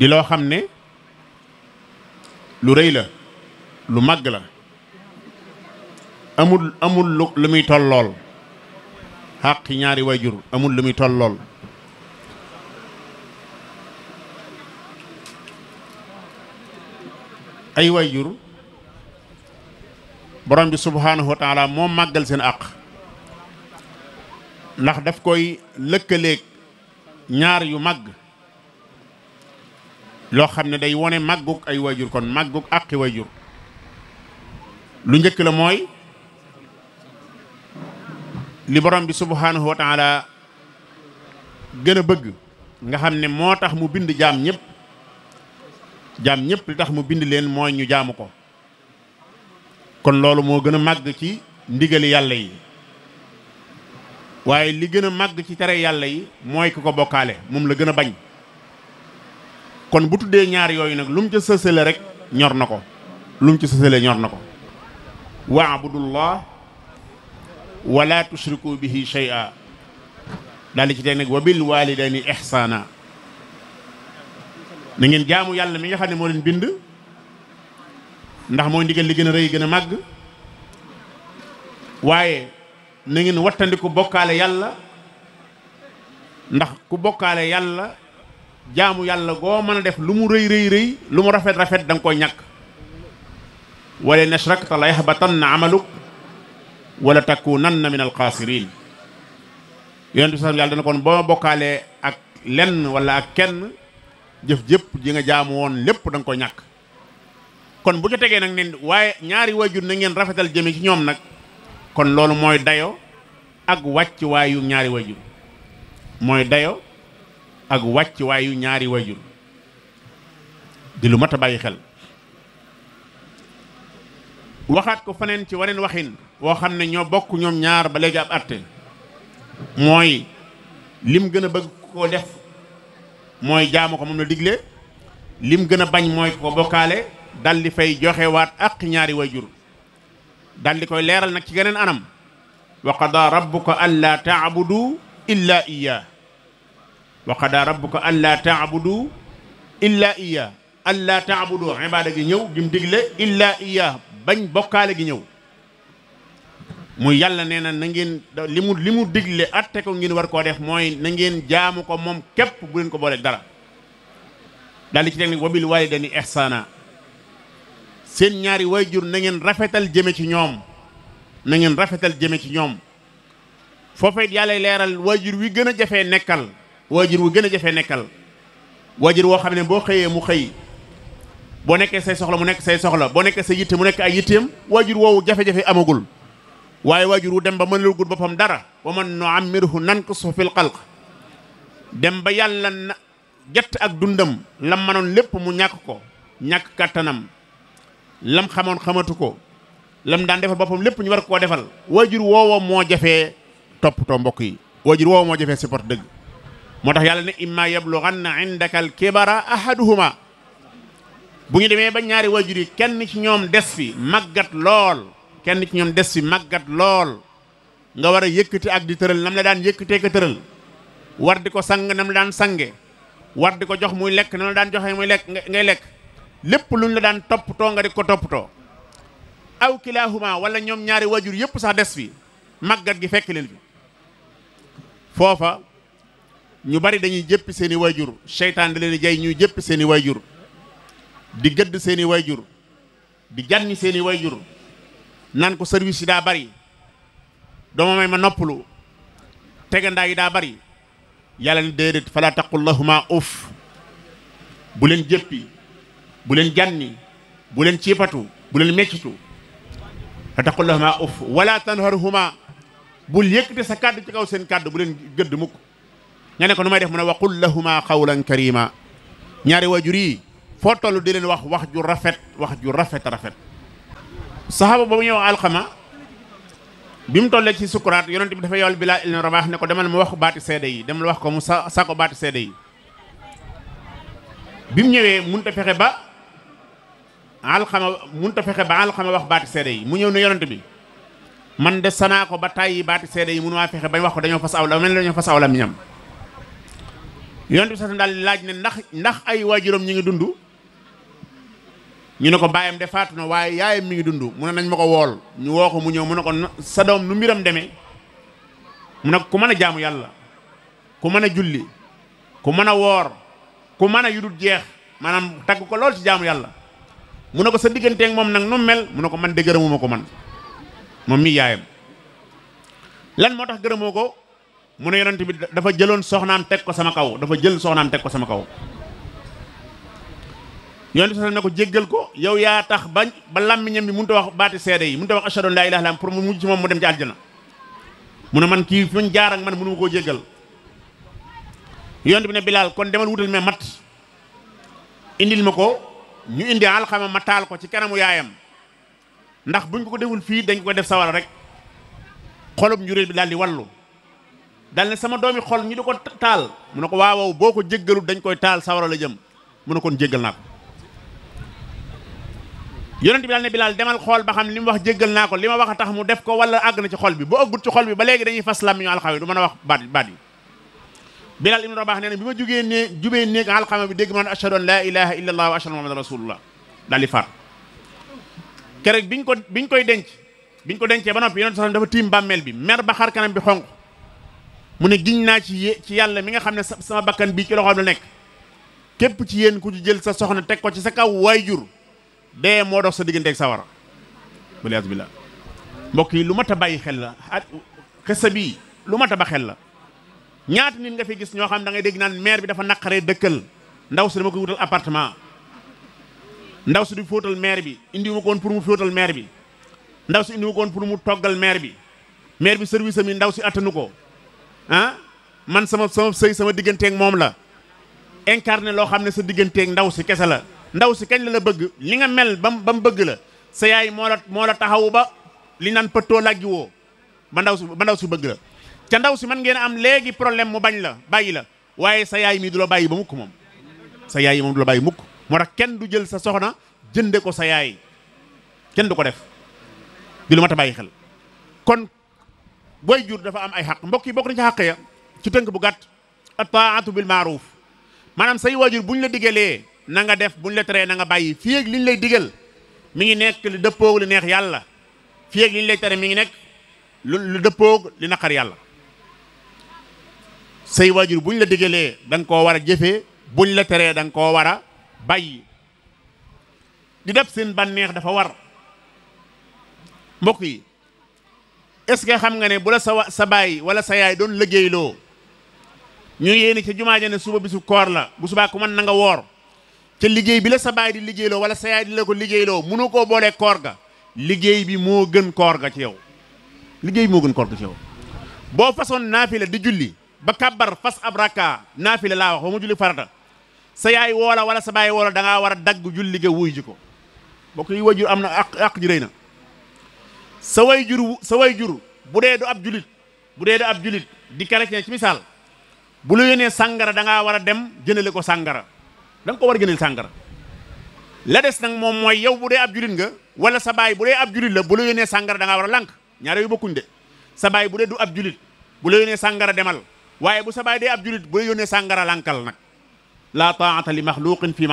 di loo xam ne lu rëy la lu màgg la amul amul lu muy tollool xàq ñaari jur amul lu muy tollool ay wayjur borom bi subhaanahu wa taala moo màggal seen àq ndax daf koy lëkkaleeg ñaar yu màgg loo xam ne day wone màggug ay waajur kon màggug àqi waajur lu njëkk la mooy li borom bi subhaanahu wa taala gën a bëgg nga xam ne moo tax mu bind jaam ñépp jaam ñëpp li tax mu bind leen mooy ñu jaamu ko kon loolu moo gën a màgg ci ndigali yàlla yi waaye li gën a màgg ci tere yàlla yi mooy ku ko bokkaale moom la gën a bañ kon bu tuddee ñaar yooyu nag lu mu ca sësale rek ñor na ko lu mu ca sësale ñor na ko waabudullah wala tushriku bihi shay'a daal ci tey nag wa bil walidayni ihsana na ngeen jaamu yàlla mi nga moo leen bind ndax mooy ndigal li gën a rëy gën a màgg waaye na ngeen wattandiku bokkaale yàlla ndax ku bokkaale yàlla jaamu yàlla goo mën a def lu mu rëy rëy rëy lu mu rafet rafet danga koy ñàkk wala nashrakta la yahbatanna amaluk wala takunanna min alxaasirin yonent bi sax yàlla dana kon ba ma bokkaalee ak lenn walla ak kenn jëf jëpp ji nga jaamu woon lépp danga nga koy ñàkk kon bu ca tegee nag ne waaye ñaari waajur na ngeen rafetal jëme ci ñoom nag kon loolu mooy dayo ak wàcc waayu ñaari waajur mooy dayo ak wàcc ñaari wayjur di lu mat bàyyi xel waxaat ko faneen ci waneen waxin woo xam ne ñoo bokk ñoom ñaar ba léegi ab àtte mooy lim gën a bëgg koo def mooy jaamu ko moom la digle lim gën a bañ mooy ko bokkaale dal di fay joxe waat ñaari wayjur daldi koy leeral nag ci geneen anam wa rabbuka an taabudu illa iyaa wa qadaa rabbuka allaa taabudu illaa iyaa allaa taabudu ibaada gi ñëw gim digle illaa iyaa bañ bokkaale gi ñëw mu yàlla nee na na ngeen li mu li mu digle atte ko ngeen war koo def mooy na jaamu ko moom képp bu leen ko booleeg dara daal di ci teg ni wabil walidayni ihsana seen ñaari wayjur na ngeen rafetal jëme ci ñoom na ngeen rafetal jëme ci ñoom foofa it yàlla leeral wayjur wi gën a jafee nekkal waajur wu gën a jafee nekkal waajur woo xam ne boo xëyee mu xëy boo nekkee say soxla mu nekk say soxla boo nekkee say yitte mu nekk ay yitteem waajur woowu jafe-jafe amagul waaye waajur wu dem ba mënul gul boppam dara wa man nu'ammirhu nankusuhu fil xalq dem ba yàlla na gett ak dundam lam manoon lépp mu ñàkk ko ñàkk kàttanam lam xamoon xamatu ko lam daan defal boppam lépp ñu war koo defal waajur woowo moo jafee toppatoo mbokk yi waajur woowo moo jafee support dëgg moo tax yàlla ne imma yablughanna indaka al-kibara ahaduhuma bu ñu demee ba ñaari wajur yi kenn ci ñoom des fi màggat lool kenn ci ñoom des fi màggat lool nga war a yëkkati ak di tëral nam la daan yëkkatee ko tëral war di ko sang nam la daan sange war di ko jox muy lekk nam la daan joxe muy lekk ngay lekk lépp luñ la daan toppatoo nga di ko toppatoo aw kilaahuma wala ñoom ñaari wajur yëpp sax des fi màggat gi fekk leen fi ñu bari dañuy jëppi seeni i waajur seytaan da leen di jay ñuy jëppi seeni i di gëdd seeni i waajur di jànni seeni i waajur naan ko service yi daa bari dooma may ma noppalu tegandaa yi daa bari yàlla ni déedéet falaa taqullahuma uf bu leen jëppi bu leen jànni bu leen ciipatu bu leen meccitu fa taqullahuma uf wala tanharhuma bul yëkkate sa kàddu ci kaw seen kàddu bu leen gëdd mukk nga ne ko nu may def mu ne waqul lahuma qawlan karima ñaari waajur yi foo toll di leen wax wax ju rafet wax ju rafet rafet saxaaba ba mu ñëw alxama bi mu tollee ci sukuraat yonent bi dafa yowal bilaa ibn Rabaah ne ko demal mu wax baati seede yi demal wax ko mu sa sako baati seede yi bi mu ñëwee mun a fexe ba alxama mënut a fexe ba alxama wax baati seede yi mu ñëw ne yonent bi man de sanaa ko ba tàyyi baati seede yi mënu maa fexe bañ wax ko dañoo fas la mel dañoo fas aw la yonent bi sax daal laaj ne ndax ndax ay waajuram ñu ngi dundu ñu ne ko baayam de faatu na waaye yaayam mi ngi dundu mu ne nañ ma ko wool ñu woo ko mu ñëw mu ne ko sa doom nu mbiram deme mu ne ku mën a jaamu yàlla ku mën a julli ku mën a woor ku mën a yudut jeex maanaam tagg ko lool ci jaamu yàlla mu ne ko sa digganteeg moom nag nu mel mu ne ko man de gërëmuma ko man moom mi yaayam lan moo tax gërëmoo ko mu ne yonent bi dafa jëloon soxnaan teg ko sama kaw dafa jël soxnaam teg ko sama kaw yonent bi ne ko jéggal ko yow yaa tax ba ba làmmiñam bi mënut a wax baati seede yi mënut a wax ashhadu an laa ilaaha illallaah pour mu mujj ci moom mu dem ci àljana mu ne man kii fuñ jaar ak man mënu ma koo jéggal yonent bi ne Bilaal kon demal wutal ma mat indil ma ko ñu indi alxama ma taal ko ci kanamu yaayam ndax buñ ko ko deful fii dañ ko def sawar rek xolub njuréel bi daal di wallu dal ne sama doomi xol ñi di ko taal mu ne ko waawaw boo ko jéggalut dañ koy taal sawara la jëm mu ne kon jéggal naa ko yonent bi daal ne bilaal demal xool ba xam li mu wax jéggal naa ko li ma wax tax mu def ko wala àgg na ci xol bi boo ëggut ci xol bi ba léegi dañuy fas làmmiñu alxame du mën a wax baat baat yi bilaal ibnu rabax nee na bi ma jugee nee jubee néeg alxame bi dégg ma ashhadu an laa ilaha illa allah wa ashhadu muhammadan rasulullah daal di faat keroog biñ ko biñ koy denc biñ ko dencee ba noppi yonent dafa tiim bàmmeel bi mer ba xar kanam bi xonq mu ne giñ naa ci ci yàlla mi nga xam ne sama bakkan bii ci loxoom la nekk képp ci yéen ku ci jël sa soxna teg ko ci sa kaw waajur dee moo dox sa digganteeg sawara walias billah mbokk yi lu mat a bàyyi xel la xesa bii lu mat a ba xel la ñaata nit nga fi gis ñoo xam da ngay dégg naan maire bi dafa naqaree dëkkal ndaw si dama koy wutal appartement ndaw si du fóotal maire bi indi ma ko pour mu fóotal maire bi ndaw si indi ma ko pour mu toggal maire bi maire bi service am ndaw si attanu ko Ah? man sama sama sëy sama digganteek moom la incarné loo xam ne sa digganteek ndaw si kese la ndaw si kañ la la bëgg li nga mel ba ba mu bëgg la sa yaay moo la moo la taxawu ba li naan pëttoo laggi woo ba ndaw si ba ndaw si bëgg la ca ndaw si mën ngeen am léegi problème mu bañ la bàyyi la waaye sa yaay mii du la bàyyi ba mukk moom sa yaay moom du la bàyyi mukk moo tax kenn du jël sa soxna jënde ko sa yaay kenn du ko def di lu mat a bàyyi xel way jur dafa am ay xaq mbokk yi bokk na ci xaq ya ci tënk bu gàtt at-taa'atu bil ma'ruf maanaam say waajur buñ la digalee na nga def buñ la teree na nga bàyyi fii ak liñ lay digal mi ngi nekk lu dëppoog li neex yàlla fii yéeg liñ lay tere mi ngi nekk lu dëppoog li naqar yàlla say waajur buñ la digalee da nga koo war a jëfee buñ la teree da koo war a bàyyi di def seen bànneex dafa war mbokk yi est-ce xam nga ne bu la sa sa baay wala sa yaay doon liggéeyloo ñu yéeni ca jumaa ja ne suba bisu koor la bu subaa ku na nga woor ca liggéey bi la sa baay di liggéeyloo wala sa yaay di la ko liggéeyloo mënu koo boolee koor ga liggéey bi moo gën koor ga ci yow liggéey bi moo gën koor ga ci boo façon naafila di julli ba kabbar fas ab rakka naafila laa wax ba mu julli farata sa yaay woola wala sa baay woola da ngaa war a dagg julli ga wuy ji ko bokk yi wajur am na aq aq ji na sa way jur sa way jur bu dee du ab julit bu dee du ab julit di chrétien ci misaal bu la yónnee sàngara da ngaa war a dem jëndale ko sàngara da nga ko war a jëndal sàngara la des nag moom mooy yow bu dee ab julit nga wala sa baay bu dee ab julit la bu la yónnee sàngara da war a lànk ñaare yu bokkuñ de sa bu dee du ab julit bu la yónnee sàngara demal waaye bu sa baay dee ab julit bu la yónnee sàngara lànkal nag laa taata li maxluqin fi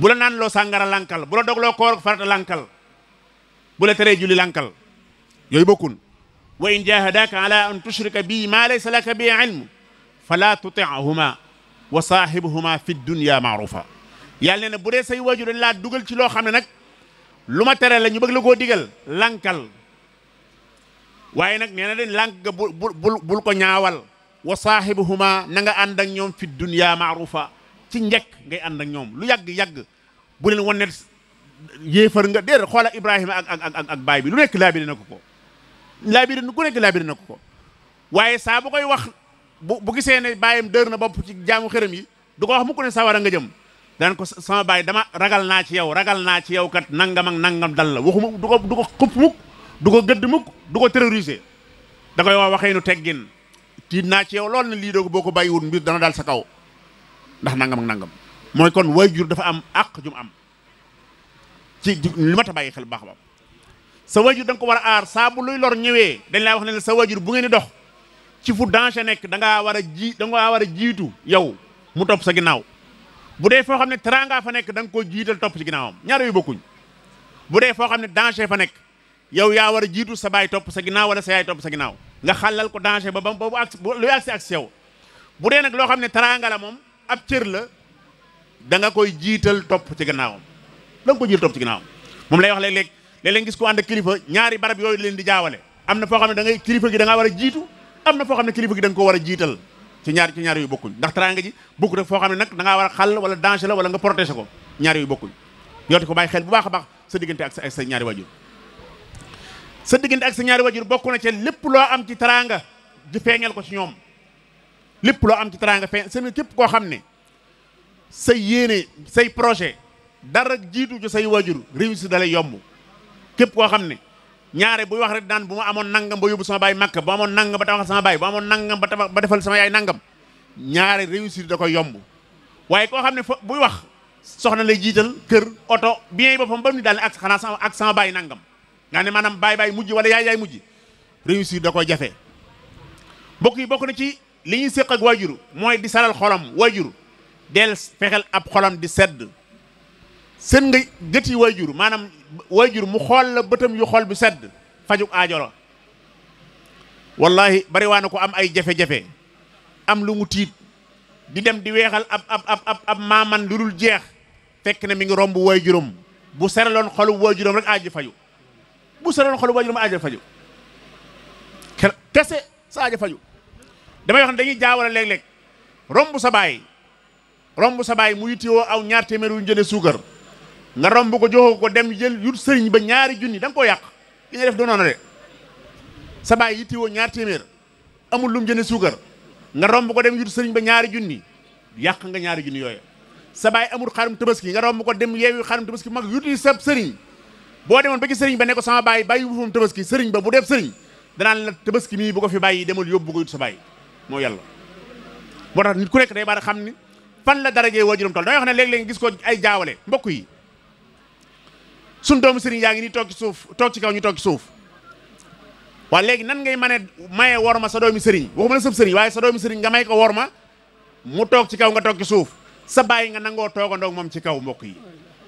la naan loo sàngara lànkal la dogloo koor farata lànkal bu la teree julli lankal yooyu bokkul wa in jahadaka an tushrika bi ma laysa laka bi ilm fala tutihuma wa saahibuhuma fi dunya maarufa yàlla ne bu dee say waajur dañ laa dugal ci loo xam ne nag lu ma tere la ñu bëgg la koo digal lankal waaye nag nee na dañ lànk nga bu bul ko ñaawal wa saahibuhuma na nga ànd ak ñoom fi dunya maarufa ci njëkk ngay ànd ak ñoom lu yàgg-yàgg bu leen yéefar nga déer xoola Ibrahima ak ak ak ak baay bi lu nekk laabire na ko ko laabire ku nekk laabire na ko ko waaye saa bu koy wax bu bu gisee ne baayam dër na bopp ci jaamu xërëm yi du ko wax mu ko ne sawara nga jëm daan ko sama baay dama ragal naa ci yow ragal naa ci yow kat nangam ak nangam dal la waxuma du ko du ko xupp mukk du ko gëdd mukk du ko terroriser da koy wax waxee nu teggin tiit naa ci yow lool na lii doog boo ko bàyyiwul mbir dana dal sa kaw ndax nangam nangam mooy kon waajur dafa am àq jum am ci li ma ta bàyyi xel baax baax sa waajur da nga ko war a aar saa bu luy lor ñëwee dañ laa wax ne sa waajur bu ngeen di dox ci fu danger nekk da war a ji da war a jiitu yow mu topp sa ginnaaw bu dee foo xam ne teraanga fa nekk da nga koo jiital topp ci ginnaawam ñaar yu bu dee foo xam ne danger fa nekk yow yaa war a jiitu sa baay topp sa ginnaaw wala sa yaay topp sa ginnaaw nga xàllal ko danger ba ba bu ak luy agsi ak yow bu dee nag loo xam ne teraanga moom ab cër la da koy jiital topp ci ginnaawam da nga ko jël topp ci ginnaaw moom lay wax léeg-léeg léeg-léeg gis ko ànd kilifa ñaari barab yooyu leen di jaawale am na foo xam ne da ngay kilifa gi da war a jiitu am na foo xam ne kilifa gi da nga ko war a jiital ñaar ci ñaar yooyu bokkuñ ndax teraanga ji bokku rek foo xam ne nag da ngaa war a xàll wala danger la wala nga protéger ko ñaar yooyu bokkuñ yooti ko bàyyi xel bu baax a baax sa diggante ak sa ak sa ñaari wajur sa diggante ak sa ñaari wajur bokk na ca lépp loo am ci teraanga di feeñal ko ci ñoom lépp loo am ci teraanga feeñ seen képp koo xam ne say yéene say projet dara jiitu ci say waajur réussite da lay yomb képp koo xam ne ñaare buy wax rek daan bu ma amoon nangam ba yóbbu sama baay màkk bu amoon nangam ba tabaxal sama baay bu amoon nangam ba tabax ba defal sama yaay nangam ñaare réussite da koy yomb waaye koo xam ne fa buy wax soxna lay jiital kër oto bien yi boppam ba mu ni daal ne ak xanaa sama ak sama baay nangam nga ne maanaam baay baay mujj wala yaay yaay mujj réussite da koy jafe mbokk yi bokk na ci li ñuy séq ak waajur mooy di salal xolam waajur del fexeel ab xolam di sedd seen nga gët yi waajur maanaam mu xool la bëtam yu xool bi sedd fajug aajo la wallahi bari waa ko am ay jafe-jafe am lu mu tiit di dem di weexal ab ab ab ab maaman lu dul jeex fekk na mi ngi romb waajuram bu seraloon xolu waajuram rek aajo faju bu seraloon xolu waajuram aajo faju kese sa aajo faju damay wax ne dañuy jaawale léeg romb sa baay romb sa baay mu yittewoo aw ñaar téeméer yu ñu jëndee suukar nga romb ko joxoo ko dem jël yut sëriñ ba ñaari junni da nga koo yàq li nga def doonoon na de sa baay yitti woo ñaar téeméer amul lum jënd suukar nga romb ko dem yut sëriñ ba ñaari junni yàq nga ñaari junni yooyu sa baay amul xarum tabaski nga romb ko dem yeewi xarum tabaski mag yuti sab sëriñ boo demoon ba ci sëriñ ba ne ko sama baay bàyyi bu fam tabaski sëriñ ba bu def sëriñ danaan la tabaski mii bu ko fi bàyyi demul yóbbu ko yut sa baay moo yalla moo tax nit ku nekk day baara xam ni fan la darajee waajuram toll dangay wax ne léeg-léeg gis ko ay jaawale mbokk yi suñ doomu sëriñ yaa ngi ni toog ci suuf toog ci kaw ñu toog suuf waa léegi nan ngay mën a maye worma sa doomi sëriñ waxuma la sëb sëriñ waaye sa doomi sëriñ nga may ko worma mu toog ci kaw nga toog ci suuf sa baay nga nangoo toogandoog moom ci kaw mbokk yi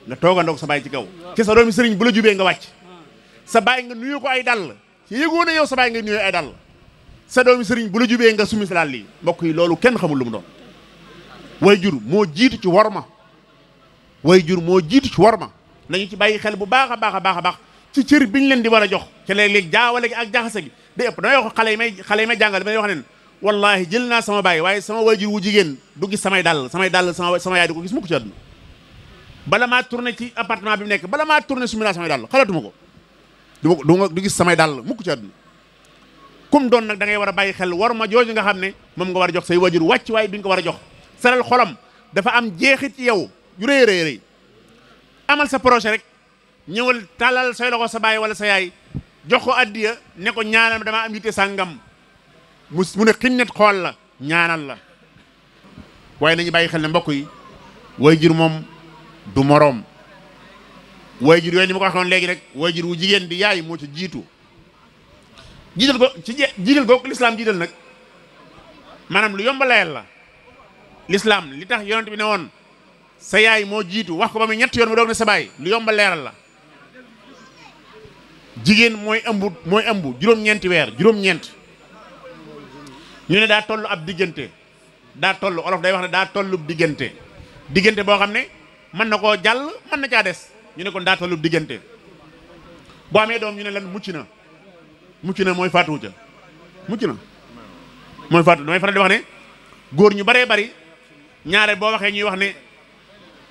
nga toogandoog sa bàyyi ci kaw ci ah. sa doomi sëriñ bu la jubee nga wàcc sa baay nga nuyu ko ay dàll ci yëgoo ne yow sa bàyyi nga nuyu ay dàll sa doomi sëriñ bu la jubee nga sumi sa dàll yi mbokk yi loolu kenn xamul lu mu doon way jur moo jiitu ci worma way jur moo jiitu ci worma nañu ci bàyyi xel bu baax a baax a baax a baax ci cër biñ leen di war a jox ca léeg-léeg jaawale ak jaxase gi day ëpp damay wax xale yi may xale yi may jàngal damay wax leen wallahi jël naa sama baay waaye sama waajur wu jigéen du gis samay dàll samay dàll sama sama yaay du ko gis mukk ci àdduna ci appartement bi nekk bala maa tourné sumi naa samay dàll xalaatuma ko du ma du gis samay dàll mukk ci àdduna kum doon nag da ngay war a bàyyi xel war ma jooju nga xam ne moom nga war a jox say waajur wàcc waaye duñ ko war a jox seral xolam dafa am jeexit ci yow yu rëy rëy rëy amal sa projet rek ñëwal tàllal say loxo sa baay wala sa yaay jox ko addiya ne ko ñaanal ma damaa am yitte sàngam mu mu ne xinnet xool la ñaanal la waaye nañu bàyyi xel ne mbokk yi waajur moom du moroom waay yooyu ni ma ko waxoon léegi rek waajur wu jigéen di yaay moo ci jiitu jiital ko ci jiital lislaam jiital nag maanaam lu yomb layal la lislaam li tax yonent bi ne woon sa yaay moo jiitu wax ko ba muy ñetti yoon mu doog ne sa baay lu yomba leeral la jigéen mooy ëmb mooy ëmb juróom-ñeenti weer juróom-ñeent ñu ne daa toll ab diggante daa toll olof day wax ne daa tollu diggante diggante boo xam ne mën na koo jàll mën na caa des ñu ne kon daa tollu diggante boo amee doom ñu ne lan mucc na mucc na mooy faatu ca mucc na mooy faatu damay faral di wax ne góor ñu baree bari ñaare boo waxee ñuy wax ne.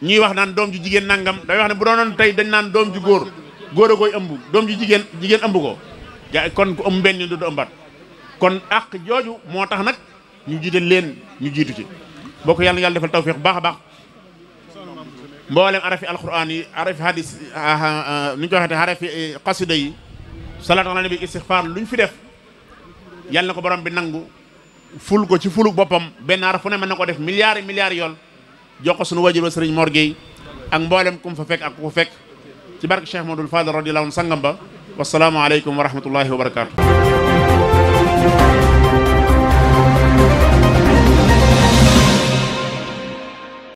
ñuy wax naan doom ju jigéen nangam day wax ne bu doonoon tey dañ naan doom ju góor góor a koy ëmb doom ju jigéen jigéen ëmb ko ja kon ko ëmb benn du du ëmbat kon àq jooju moo tax nag ñu jiite leen ñu jiitu ci bokk yàlla yàlla defal tawfiq baax a baax mboolem arafi alquran yi arafi hadis ah, ah, ah, nu ñu ko waxeete arafi xasida eh, yi salaatu ala nabi istixfaar lu ñu fi def yàlla na ko borom bi nangu ful ko ci fulu boppam benn araf fu ne mën na ko def milliards milliards yoon jox ko sunu wajur wa sëriñ Mor Gueye ak mboolem kum fa fekk ak ku fekk ci barke Cheikh Modou Fadal radiyallahu anhu sangam ba wasalaamualeykum wa rahmatullahi wa barakaatu.